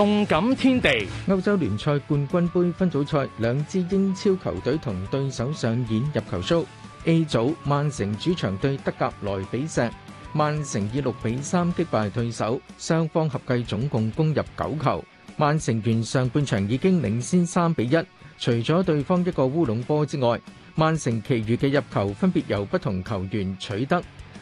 動感天地，歐洲聯賽冠軍盃分組賽，兩支英超球隊同對手上演入球 show。A 組曼城主場對德甲萊比錫，曼城以六比三擊敗對手，雙方合計總共攻入九球。曼城完上半場已經領先三比一，除咗對方一個烏龍波之外，曼城其餘嘅入球分別由不同球員取得。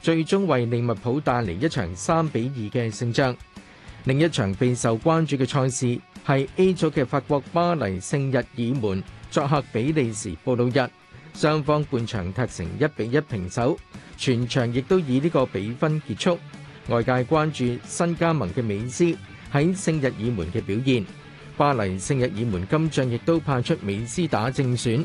最終為利物浦帶嚟一場三比二嘅勝仗。另一場備受關注嘅賽事係 A 組嘅法國巴黎聖日耳門作客比利時布魯日，雙方半場踢成一比一平手，全場亦都以呢個比分結束。外界關注新加盟嘅美斯喺聖日耳門嘅表現，巴黎聖日耳門今仗亦都派出美斯打正選。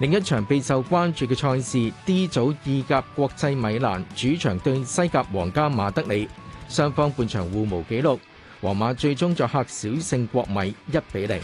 另一場備受關注嘅賽事，D 組意甲國際米蘭主場對西甲皇家馬德里，雙方半場互無紀錄，皇馬最終作客小勝國米，一比零。